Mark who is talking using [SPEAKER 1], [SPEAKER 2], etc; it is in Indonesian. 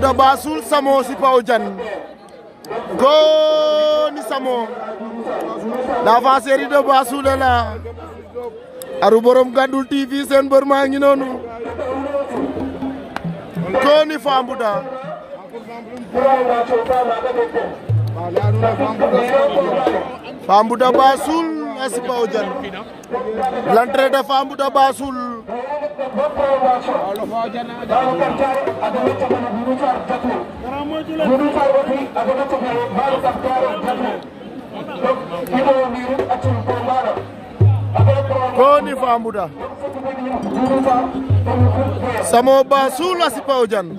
[SPEAKER 1] da Basul Samo Sipao Jan. Go ni Samo. fa seri da Basul la. Aru borom gadul TV sen bër maa ngi nonu. Go ni Fambu da Basul
[SPEAKER 2] eh, si Sipao Jan.
[SPEAKER 1] L'entrée de da Basul.
[SPEAKER 2] Babacar Diarra adama togona Boubacar
[SPEAKER 1] Gakou Boubacar
[SPEAKER 2] Gakou adama togona Babacar Diarra Gakou
[SPEAKER 1] donc ido ba sula sipaw jan